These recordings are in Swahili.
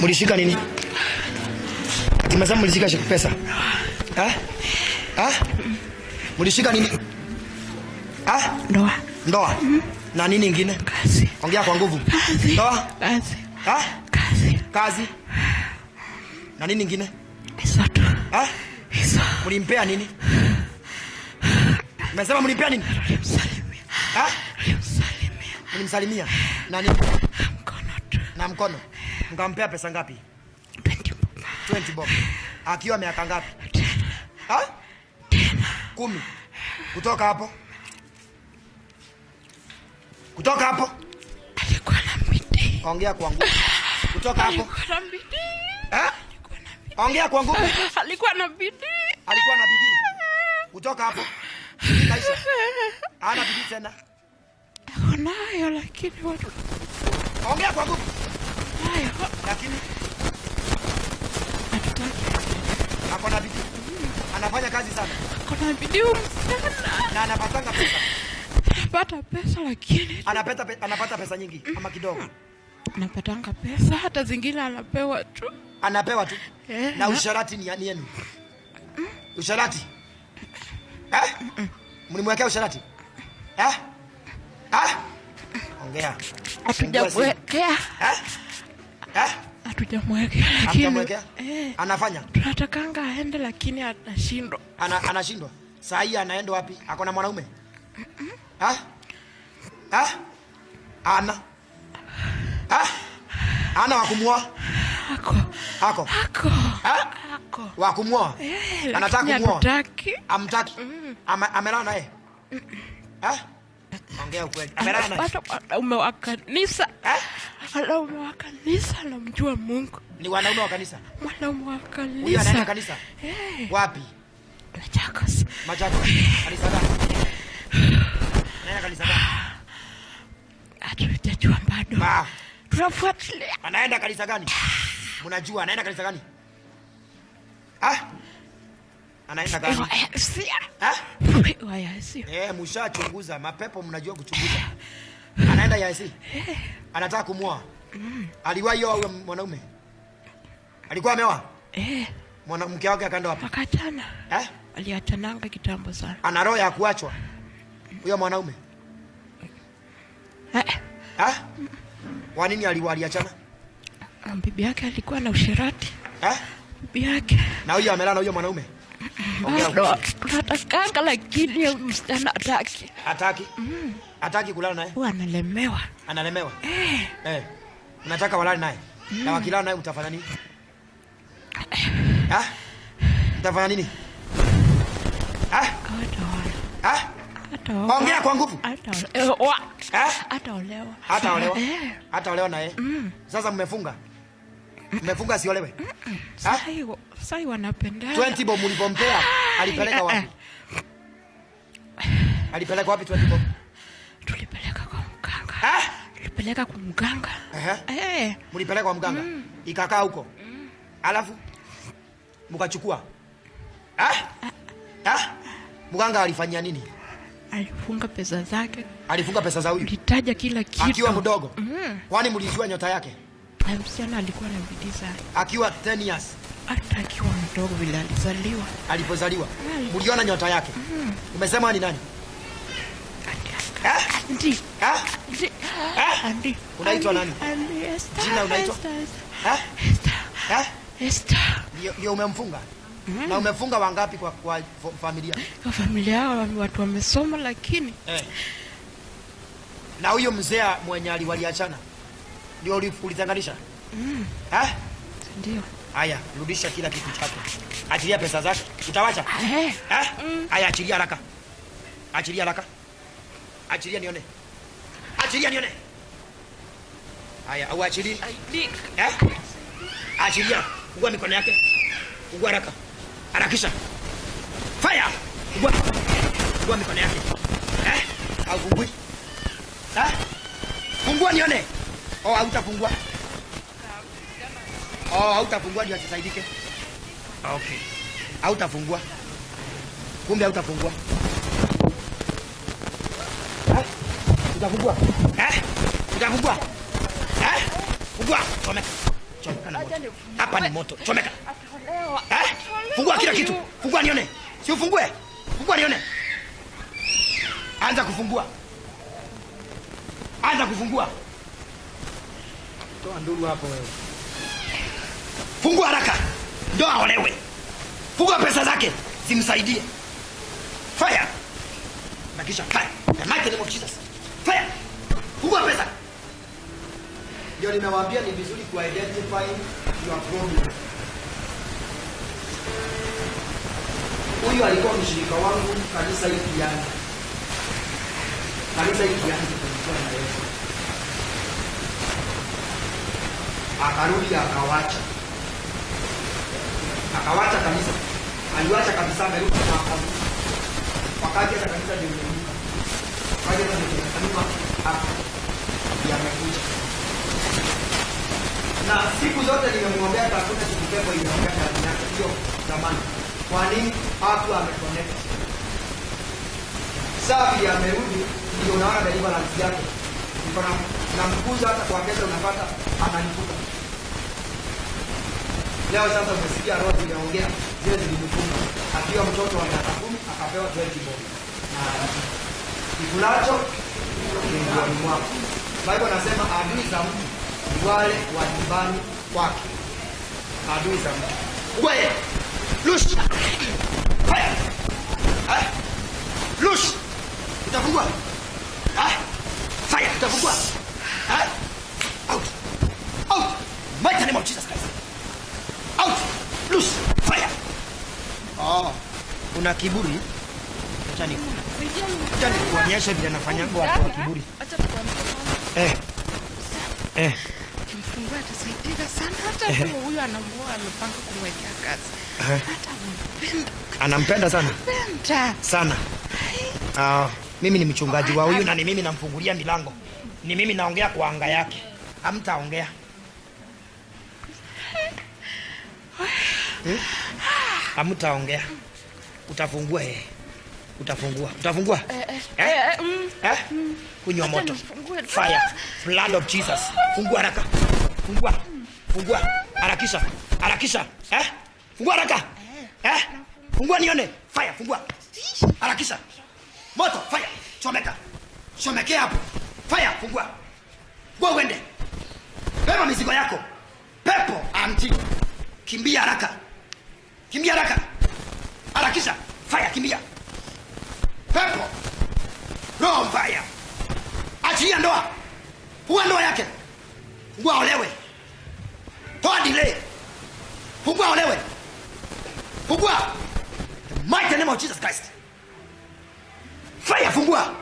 Mulishika nini? mulishika mlishika pesa. Ha? Ha? Mulishika nini? Ha? Ndoa. Ndoa. Mm Na nini ingine? Kazi. Ongea kwa nguvu. Kazi. Ndoa. Kazi. Ha? Kazi. Kazi. Na nini ingine? Isoto. Ha? Hizo. Mulimpea nini? Mesema mulimpea nini? Mulimsalimia. Ha? Mulimsalimia. Mulimsalimia. Na nini? Mkono tu. Na mkono ngampea pesa ngapi? 20 bob. Akiwa miaka ngapi? Ha? Kumi. Kutoka hapo. Kutoka hapo. Alikuwa na bidii. Ongea kwa nguvu. Kutoka hapo. Alikuwa na bidii. Eh? Ongea kwa nguvu. Alikuwa na bidii. Alikuwa na bidii. Kutoka hapo. Ana bidii tena. Nayo lakini watu. Ongea kwa nguvu lakini ako na bidii, anafanya kazi sana, ako na bidii sana na anapatanga pesa, anapata pesa lakini anapata pe, anapata pesa nyingi ama kidogo? Anapatanga pesa, hata zingine anapewa tu, anapewa tu eh, na usharati ni yenu usharati eh? Mlimwekea usharati eh? eh? Ongea, hatujamwekea eh? Eh? hatujamwekea lakini eh, anafanya tunatakanga aende lakini anashindwa. Ana, anashindwa saa hii anaenda wapi? Ako na mwanaume Ha? Ha? Ana ha? Ana wakumwoa ako ako ako Ako wakumwoa eh, anataka kumwoa amtaki mm. Amelala naye eh? Mm -mm. Ha? Ongea wanaume wa kanisa, eh? wanaume wa kanisa namjua Mungu. Ni wanaume wa kanisa? Mwanaume wa kanisa. Eh. Wapi? Machakos. Machakos. Hatujajua bado. Tunafuatilia. Anaenda kanisa gani? Mnajua anaenda kanisa gani? Ah? anaenda eh, gani? Eh, mshachunguza mapepo, mnajua kuchunguza. Anaenda yasi, eh. anataka kumwoa. Mm. Aliwahi oa mwanaume, alikuwa ameoa eh, mwanamke wake akaenda wapi? Akatana eh, aliatananga kitambo sana. Ana roho ya kuachwa huyo mwanaume eh, eh, kwa nini aliwaliachana? Bibi yake alikuwa na usherati eh, bibi yake na huyo amelala huyo mwanaume tunatakanga lakini msichana ataki ataki mm. ataki kulala naye huwa analemewa analemewa eh. Eh. unataka walale naye mm. na wakilala naye mtafanya nini ha? Eh. Ah? mtafanya nini ha? Ah? Ah? ha? ongea kwa nguvu eh? ataolewa eh. ataolewa ataolewa naye mm. sasa mmefunga Mmefunga siolewe. Sai sai wanapenda. 20 bomu ulipompea, alipeleka wapi? Ah, ah. Alipeleka wapi 20 bomu? Tulipeleka kwa mganga. Ah? Tulipeleka kwa mganga. Eh. Mlipeleka kwa mganga. Mm. Ikakaa huko. Mm. Alafu mkachukua. Ah? Ah? Mganga alifanyia nini? Alifunga pesa zake. Alifunga pesa za huyu. Alitaja kila kitu. Akiwa mdogo. Mm. Kwani mlijua nyota yake? na msichana alikuwa na bidii sana. Akiwa 10 hata akiwa mdogo vile alizaliwa, alipozaliwa mliona nyota yake. Mm. Umesema ni nani? Andi. Andi. Andi. Unaitwa nani? Andi. Jina unaitwa? Eh? Eh? Ndio umemfunga? Mm. Na umefunga wangapi kwa, kwa familia? Kwa familia yao watu wamesoma lakini eh. Na huyo mzee mwenye aliwaliachana ndio ulitenganisha mm. eh? Ndio. Haya, rudisha kila kitu chako, achilia pesa zake. Utawacha eh? mm. Haya, achilia haraka, achilia haraka, achilia nione, achilia nione. Haya, au achilia eh? Achilia, ugua mikono yake, ugua haraka, harakisha, fire, ugua, ugua mikono yake eh? Au fungui eh? Fungua nione. Oh, hautapungua. Oh, hautapungua ndio atasaidike. Ah, okay. Hautafungua. Kumbe hautafungua. Eh? Utafungua. Eh? Utafungua. Eh? Fungua. Chomeka. Chomeka na moto. Hapa ni moto. Chomeka. Eh? Fungua kila kitu. Fungua nione. Si ufungue. Fungua nione. Anza kufungua. Anza kufungua. Toa nduru hapo wewe. Fungua haraka. Ndio aolewe. Fungua pesa zake zimsaidie. Fire. Na kisha kai. The mighty name of Jesus. Fire. Fungua pesa. Ndio nimewaambia ni vizuri ku identify your problem. Huyu alikuwa mshirika wangu kanisa hii ya. Kanisa hii ya. kulikuwa na Yesu. akarudi akawacha, akawacha kabisa, aliwacha kabisa, amerudi wakati hata kabisa limenuka, wakati hata limenuka hapa yamekuja na siku zote nimemwambia hakuna siku pepo inaongea ndani yake hiyo zamani. Kwa nini? Hapo ameconnect safi, amerudi, ndio unaona deliverance yake. na namkuza hata kwa kesho, unapata ananikuta Leo sasa umesikia roho zimeongea, zile zilijifunga. Akiwa mtoto wa miaka kumi akapewa twenty bob. Na kikulacho kingioni mwako. Biblia anasema adui za mtu ni wale wa nyumbani kwake. Adui za mtu. Wewe, rusha. una kiburi? Acha vile nafanyanga watu wa kiburi. Eh. Eh. sana hata eh. huyo amepanga kumwekea kazi. Eh. Hata Anampenda sana. Mpenda. Sana. Ah, mimi ni mchungaji wa huyu na ni mimi namfungulia milango. Ni mimi naongea kwa anga yake. Hamtaongea. Hmm? Hamtaongea. Hmm? Utafungua eh. Utafungua. Utafungua. Eh? Eh? eh? Eh, eh, mm. eh? Kunywa moto. Fire. Blood of Jesus. Fungua haraka. Fungua. Fungua. Harakisha. Harakisha. Eh? Fungua haraka. Eh? Fungua nione. Fire. Fungua. Harakisha. Moto. Fire. Chomeka. chomeke hapo. Fire. Fungua. Go uende. Beba mizigo yako. Pepo anti. Kimbia haraka. Kimbia haraka. Harakisha! Haya, kimbia! Pepo roho mbaya, achia ndoa, fungua ndoa yake, fungua olewe, toa dile fungua olewe, fungua the mighty name of Jesus Christ. Fire, fungua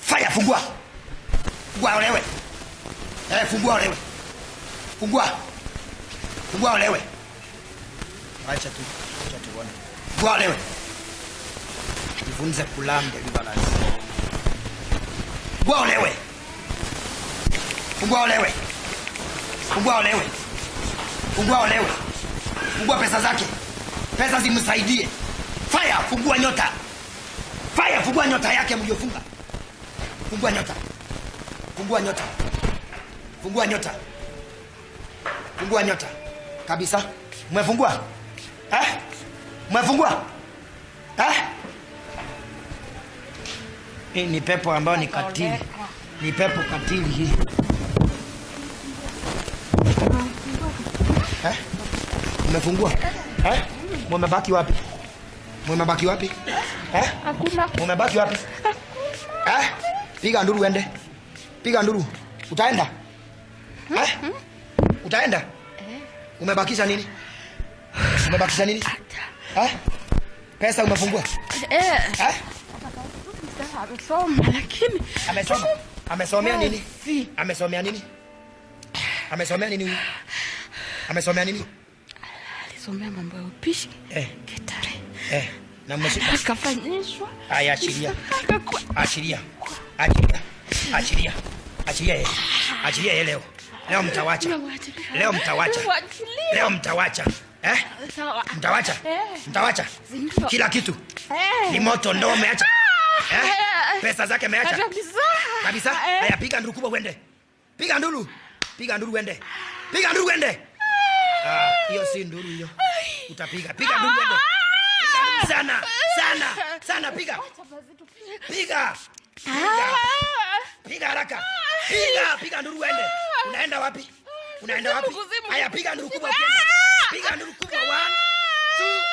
fire, fungua fungua olewe, eh, fungua olewe, fungua fungua olewe, acha tu. Tatewona. Bwana wewe. Nivunze kulambe libalance. Bwana wewe. Ugwa olewe. Ugwa olewe. Ugwa olewe. Ugwa pesa zake. Pesa zimsaidie. Fire fungua nyota. Fire fungua nyota yake mliofunga. Fungua nyota. Fungua nyota. Fungua nyota. Fungua nyota. Kabisa. Mmefungua? eh? Umefungua eh? Hii ni pepo ambayo ni katili, ni pepo katili hii eh? Umefungua eh? Mumebaki wapi? Mumebaki wapi eh? Hakuna. Mumebaki wapi Hakuna. eh? Piga nduru uende, piga nduru. Utaenda eh? Utaenda? Eh? Umebakisha nini? Umebakisha nini? Ha? Eh? Pesa umefungua? Eh. Ha? Eh? Amesoma lakini. Amesoma. Amesomea nini? Amesomea nini? Amesomea nini huyu? Amesomea nini? Alisomea mambo ya upishi. Eh. Kitare. Eh. Na mshika. Akafanyishwa. Aya, achilia. Achilia. Achilia. Achilia. Achilia yeye. Achilia yeye leo. Leo mtawacha. Leo mtawacha. Leo mtawacha eh? Sawa. Mtawacha. Eh. Mtawacha. Kila kitu. Eh. Ni moto ndo umeacha. Ah. Eh? eh? Pesa zake umeacha. Kabisa. Kabisa. Eh. Aya piga nduru kubwa uende. Piga nduru. Piga nduru uende. Piga nduru uende. Ah, ah hiyo si nduru hiyo. Utapiga. Piga nduru uende. Ah. Sana, sana, sana piga. Ah. Piga. Piga. haraka. Piga, piga nduru uende. Unaenda wapi? Unaenda wapi? Aya piga nduru kubwa uende. Tinggal dulu kumawan. Su.